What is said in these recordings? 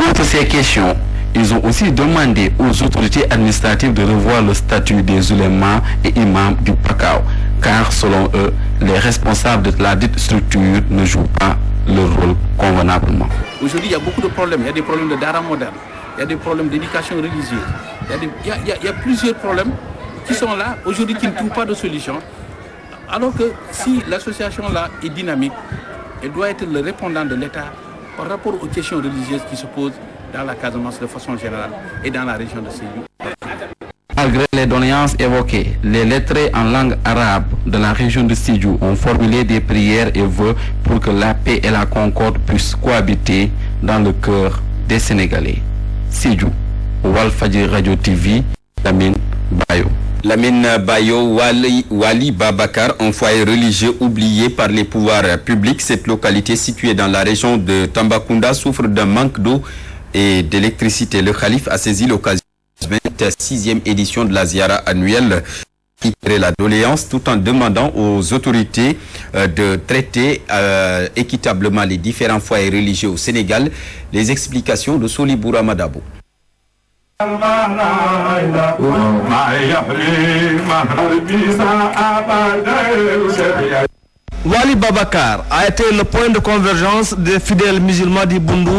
Outre ces questions, ils ont aussi demandé aux autorités administratives de revoir le statut des ulémas et imams du Pacao, car selon eux, les responsables de la dite structure ne jouent pas leur rôle convenablement. Aujourd'hui, il y a beaucoup de problèmes. Il y a des problèmes de dara moderne, il y a des problèmes d'éducation religieuse, il y, il y, a plusieurs problèmes qui sont là aujourd'hui qui ne trouvent pas de solution. Alors que si l'association là est dynamique, elle doit être le répondant de l'État par rapport aux questions religieuses qui se posent dans la Casamance de façon générale et dans la région de Séville. Malgré les doléances évoquées, les lettrés en langue arabe de la région de Sidiou ont formulé des prières et vœux pour que la paix et la concorde puissent cohabiter dans le cœur des Sénégalais. Sidiou, Walfadji Radio TV, Damine Bayo. Lamine Bayo Wali, Babakar, un foyer religieux oublié par les pouvoirs publics. Cette localité située dans la région de Tambacounda souffre d'un manque d'eau et d'électricité. Le calife a saisi l'occasion de la 26e édition de la Ziara annuelle la doléance tout en demandant aux autorités euh, de traiter euh, équitablement les différents foyers religieux au Sénégal. Les explications de Soli Bouramadabo. Wali Babakar a été le point de convergence des fidèles musulmans d'Ibundu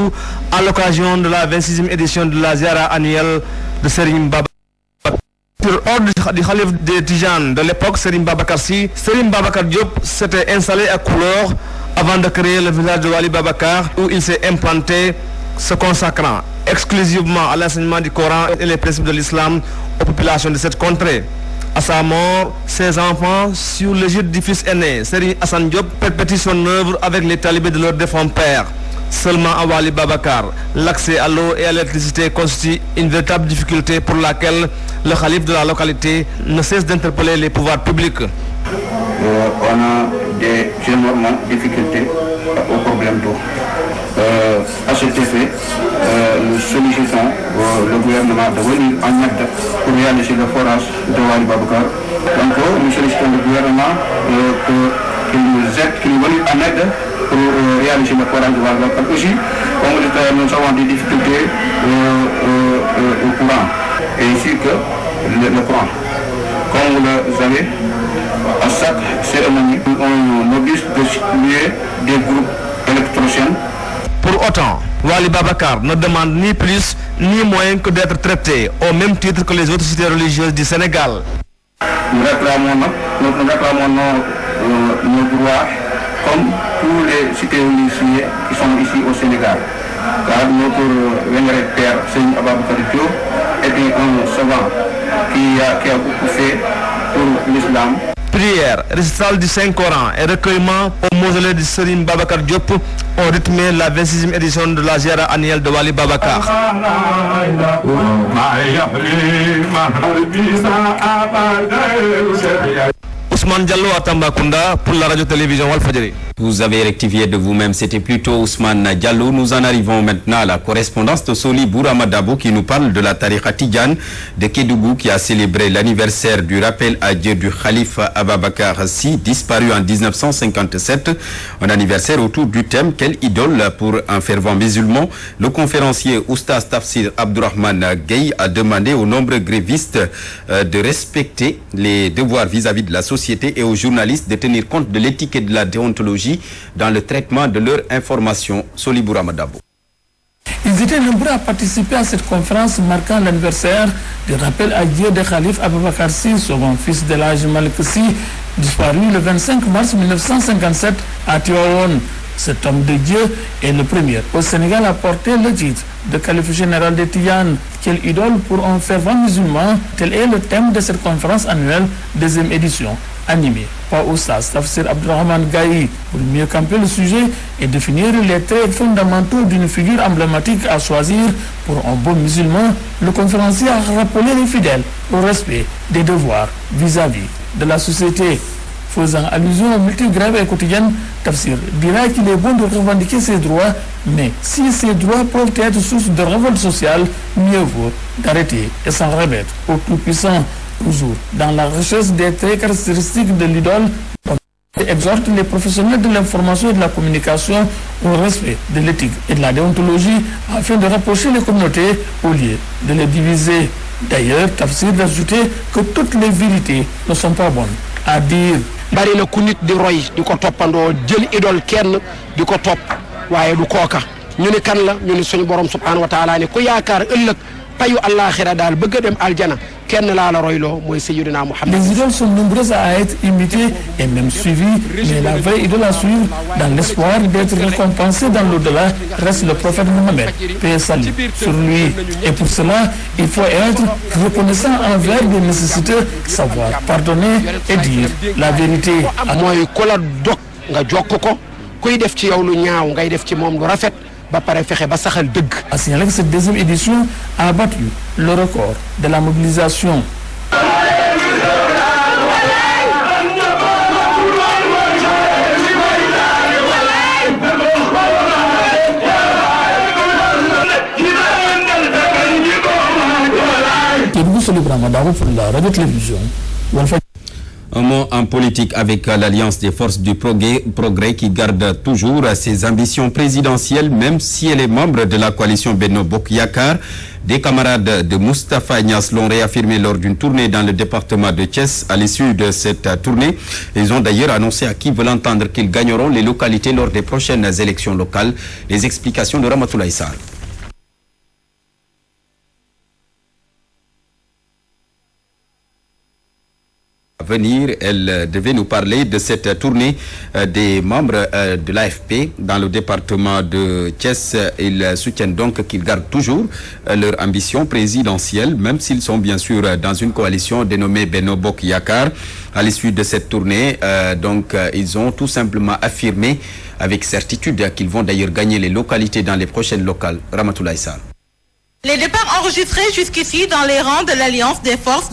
à l'occasion de la 26e édition de la Ziara annuelle de Serim Babakar. Sur ordre du Khalif de Tijan de l'époque, Serim Babakar Si, Serim Babakar Diop s'était installé à Couleur avant de créer le village de Wali Babakar où il s'est implanté se consacrant exclusivement à l'enseignement du Coran et les principes de l'islam aux populations de cette contrée. À sa mort, ses enfants, sur l'égide du fils aîné, Seri Hassan Diop, perpétuent son œuvre avec les talibés de leur défunt père. Seulement à Wali Babakar, l'accès à l'eau et à l'électricité constitue une véritable difficulté pour laquelle le calife de la localité ne cesse d'interpeller les pouvoirs publics. Euh, on a des énormes difficultés au problème d'eau à euh, cet effet, nous euh, sollicitons euh, le gouvernement de venir en acte pour réaliser le forage de Wali Babacar. Donc nous sollicitons le gouvernement qu'il nous aide, qu'il nous en aide pour réaliser le forage de Wali Babacar. Aussi, comme nous avons des difficultés au courant, et ainsi que le, courant. Comme vous le savez, à chaque cérémonie, on mobilise de des groupes électrogènes pour autant, Wali Babacar ne demande ni plus ni moins que d'être traité au même titre que les autres cités religieuses du Sénégal. Nous réclamons, notre euh, nos, droits comme tous les cités religieuses qui sont ici au Sénégal. Car notre vénéré père, Seigneur Ababakar était un savant qui a, qui a beaucoup fait pour l'islam prières, récital du Saint-Coran et recueillement au mausolée de Serim Babakar Diop ont rythmé la 26e édition de la ziara annuelle de Wali Babakar. Ousmane Diallo à Tambacounda pour la radio-télévision Walfajari. Vous avez rectifié de vous-même, c'était plutôt Ousmane Diallo. Nous en arrivons maintenant à la correspondance de Soli Bouramadabou qui nous parle de la tariqa Tidjan de Kédougou qui a célébré l'anniversaire du rappel à Dieu du Khalifa Ababakar Si, disparu en 1957. Un anniversaire autour du thème Quelle idole pour un fervent musulman Le conférencier Oustaz Tafsir Abdurrahman Gay a demandé aux nombreux grévistes euh, de respecter les devoirs vis à -vis de la société et aux journalistes de tenir compte de l'éthique et de la déontologie dans le traitement de leurs informations. Solibou Madabo. Ils étaient nombreux à participer à cette conférence marquant l'anniversaire du rappel à Dieu de Khalif Abubakar Sy, son fils de l'âge Si, disparu le 25 mars 1957 à Tiwawon. Cet homme de Dieu est le premier au Sénégal à porter le titre de calife général de Tiyan. Quelle idole pour un fervent musulman Tel est le thème de cette conférence annuelle, deuxième édition, animée au Oustaz Tafsir Abdurrahman Gaï pour mieux camper le sujet et définir les traits fondamentaux d'une figure emblématique à choisir pour un bon musulman, le conférencier a rappelé les fidèles au respect des devoirs vis-à-vis de la société. Faisant allusion aux multiples grèves et quotidiennes, Tafsir dira qu'il est bon de revendiquer ses droits, mais si ces droits peuvent être source de révolte sociale, mieux vaut d'arrêter et s'en remettre au Tout-Puissant toujours dans la recherche des traits caractéristiques de l'idole. On exhorte les professionnels de l'information et de la communication au respect de l'éthique et de la déontologie afin de rapprocher les communautés au lieu de les diviser. D'ailleurs, Tafsir d'ajouter que toutes les vérités ne sont pas bonnes à dire. bari na ku di roy di ko toppandoo jël idole kenn di ko topp waaye du kooka ñu ni kan la ñu ni suñu borom subhanahu wa taala ne payu àllaaxira daal bëgg a dem aljana kenn laa la royloo moy Sayyidina Muhammad. Les idoles sont à être et même suivies, mais la vraie idole à suivre, dans l'espoir d'être récompensé dans l'au-delà, reste le prophète muhammad paix et salut sur lui. Et pour cela, il faut être reconnaissant envers les nécessiteux, savoir pardonner et dire la vérité. mooy kola la nga jokk ko kuy def ci yow lu ñaaw ngay def ci mom lu rafet. Va parer faire signaler que cette deuxième édition a battu le record de la mobilisation en politique avec l'Alliance des forces du progrès, qui garde toujours ses ambitions présidentielles, même si elle est membre de la coalition Beno Bokyakar. Des camarades de Moustapha Agnès l'ont réaffirmé lors d'une tournée dans le département de Thiès. À l'issue de cette tournée, ils ont d'ailleurs annoncé à qui veulent entendre qu'ils gagneront les localités lors des prochaines élections locales. Les explications de Ramatoulaye venir. Elle euh, devait nous parler de cette tournée euh, des membres euh, de l'AFP dans le département de Thiès. Ils soutiennent donc qu'ils gardent toujours leur ambition présidentielle, même s'ils sont bien sûr dans une coalition dénommée Benobok Yakar. À l'issue de cette tournée, donc, ils ont tout simplement affirmé avec certitude qu'ils vont d'ailleurs gagner les localités dans les prochaines locales. Ramatoulaye les départs enregistrés jusqu'ici dans les rangs de l'Alliance des forces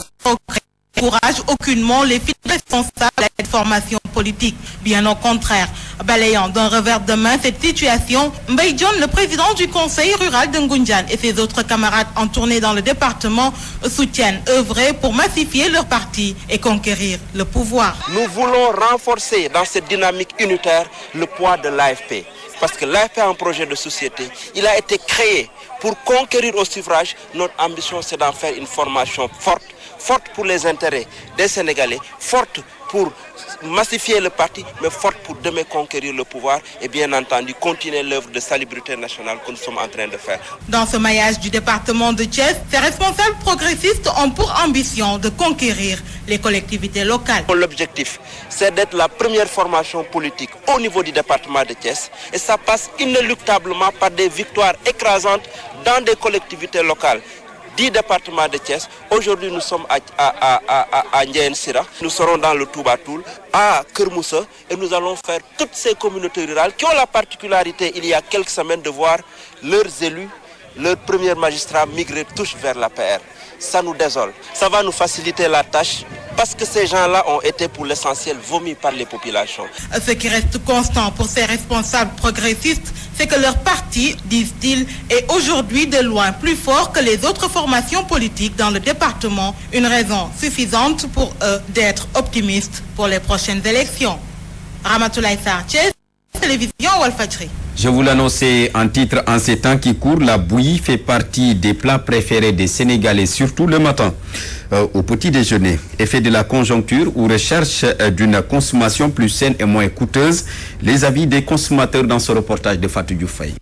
n'encourage aucunement les filles responsables de cette formation politique. Bien au contraire, balayant d'un revers de main cette situation, Mbaye John, le président du conseil rural de Ngunjan et ses autres camarades en tournée dans le département soutiennent œuvrer pour massifier leur parti et conquérir le pouvoir. Nous voulons renforcer dans cette dynamique unitaire le poids de l'AFP. Parce que l'AFP est un projet de société. Il a été créé pour conquérir au suffrage. Notre ambition, c'est d'en faire une formation forte forte pour les intérêts des Sénégalais, forte pour massifier le parti, mais forte pour demain conquérir le pouvoir et bien entendu continuer l'œuvre de salubrité nationale que nous sommes en train de faire. Dans ce maillage du département de Thiès, ces responsables progressistes ont pour ambition de conquérir les collectivités locales. L'objectif, c'est d'être la première formation politique au niveau du département de Thiès et ça passe inéluctablement par des victoires écrasantes dans des collectivités locales. 10 départements de Thiès. Aujourd'hui, nous sommes à, à, nous serons dans le Toubatoul, à Kermoussa, et nous allons faire toutes ces communautés rurales qui ont la particularité, il y a quelques semaines, de voir leurs élus, leurs premiers magistrats migrer tous vers la PR. Ça nous désole. Ça va nous faciliter la tâche parce que ces gens-là ont été pour l'essentiel vomis par les populations. Ce qui reste constant pour ces responsables progressistes, c'est que leur parti, disent-ils, est aujourd'hui de loin plus fort que les autres formations politiques dans le département, une raison suffisante pour eux d'être optimistes pour les prochaines élections. Ramatoulaye Sarchez, Télévision Walfatri. Je vous l'annonçais en titre, en ces temps qui courent, la bouillie fait partie des plats préférés des Sénégalais, surtout le matin. Euh, au petit déjeuner. Effet de la conjoncture ou recherche euh, d'une consommation plus saine et moins coûteuse, les avis des consommateurs dans ce reportage de Fatou Dioufay.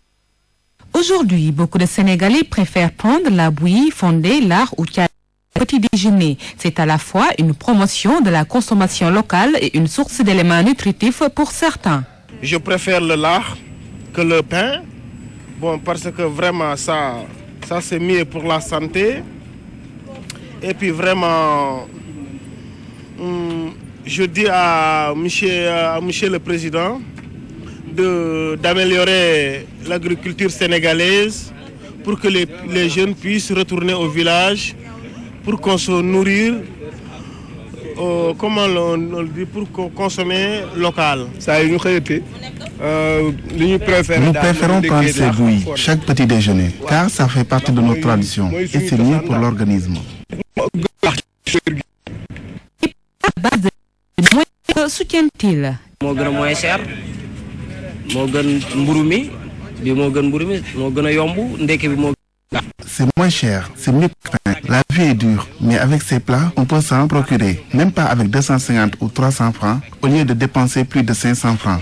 Aujourd'hui, beaucoup de Sénégalais préfèrent prendre la bouillie fondée, l'art ou le petit déjeuner. C'est à la fois une promotion de la consommation locale et une source d'éléments nutritifs pour certains. Je préfère le lard que le pain, parce que vraiment ça, ça c'est mieux pour la santé. Et puis vraiment, hum, je dis à monsieur, le Président d'améliorer l'agriculture sénégalaise pour que les, jeunes puissent retourner au village, pour qu'on se nourrir, euh, comment on, dit, pour consommer local. Ça une euh, nous préférons prendre ces chaque petit déjeuner, car ça fait partie de nos traditions et c'est mieux pour l'organisme. cher soutient la moo gën a moins cher moo gën mburu mi bi moo gën mburu mi moo gën a yomb ndekk bi moo C'est moins cher, c'est mieux La vie est dure, mais avec ces plats, on peut s'en procurer, même pas avec 250 ou 300 francs, au lieu de dépenser plus de 500 francs.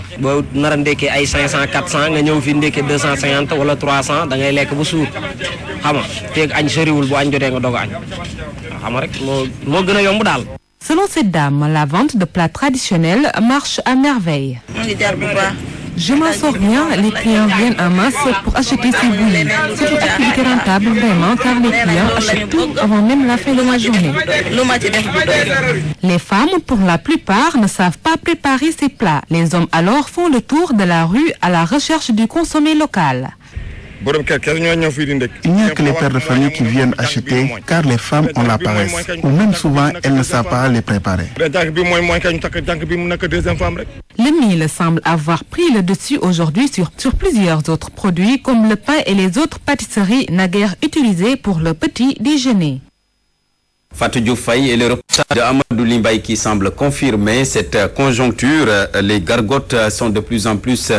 Selon cette dame, la vente de plats traditionnels marche à merveille. Je m'en sors bien, les clients viennent en masse pour acheter ces bouillies. C'est une activité rentable vraiment car les clients achètent tout avant même la fin de la journée. Les femmes, pour la plupart, ne savent pas préparer ces plats. Les hommes alors font le tour de la rue à la recherche du consommé local. Il n'y a que les pères de famille qui viennent acheter car les femmes ont la paresse ou même souvent elles ne savent pas les préparer. Le mil semble avoir pris le dessus aujourd'hui sur, sur plusieurs autres produits comme le pain et les autres pâtisseries naguère utilisées pour le petit déjeuner. Fatou Faye et le reportage de Amadou Limbaï qui semble confirmer cette euh, conjoncture. Euh, les gargotes euh, sont de plus en plus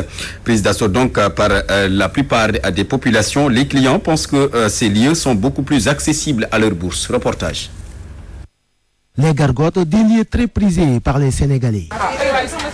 prises d'assaut donc par la plupart des populations. Les clients pensent que ces lieux sont beaucoup plus accessibles à leur bourse. Reportage. Les gargotes, des lieux très prisés par les Sénégalais.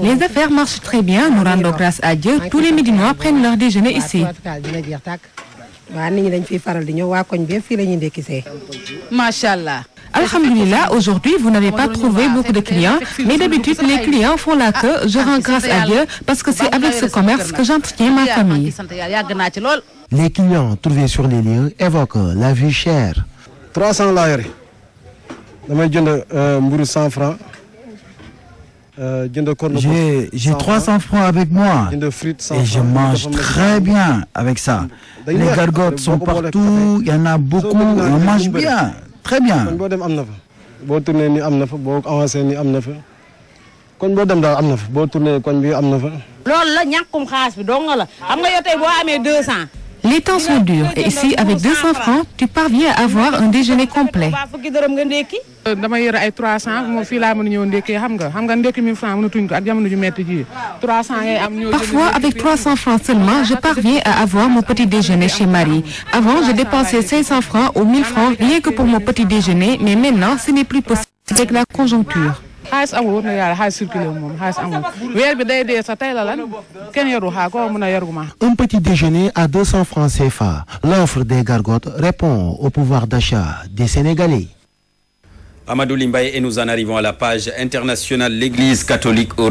Les affaires marchent très bien. Nous rendons grâce à Dieu. Tous les Médinois prennent leur déjeuner ici. Machallah. Alhamdulillah, aujourd'hui, vous n'avez pas trouvé beaucoup de clients, mais d'habitude, les clients font la queue. Je rends grâce à Dieu parce que c'est avec ce commerce que j'entretiens ma famille. Les clients trouvés sur les lieux évoquent la vie chère. 300 je 100 francs euh, j'ai 300 francs avec moi et je mange très bien avec ça. Les gargotes sont partout, il y en a beaucoup, on mange bien, très bien. kon boo dem daal am na fa boo tourné koñ bi am na fa. loolu la ñàkkum xaalis bi dong la xam nga yow tey boo amee 200. Les temps sont durs et ici, avec 200 francs, tu parviens à avoir un déjeuner complet. Parfois avec 300 francs seulement je parviens à avoir mon petit déjeuner chez Marie avant je dépensais 500 francs ou 1000 francs rien que pour mon petit déjeuner mais maintenant ce n'est plus possible avec la conjoncture un petit déjeuner à 200 francs CFA l'offre des gargotes répond au pouvoir d'achat des Sénégalais Amadou Limbaye et nous en arrivons à la page internationale l'église catholique aura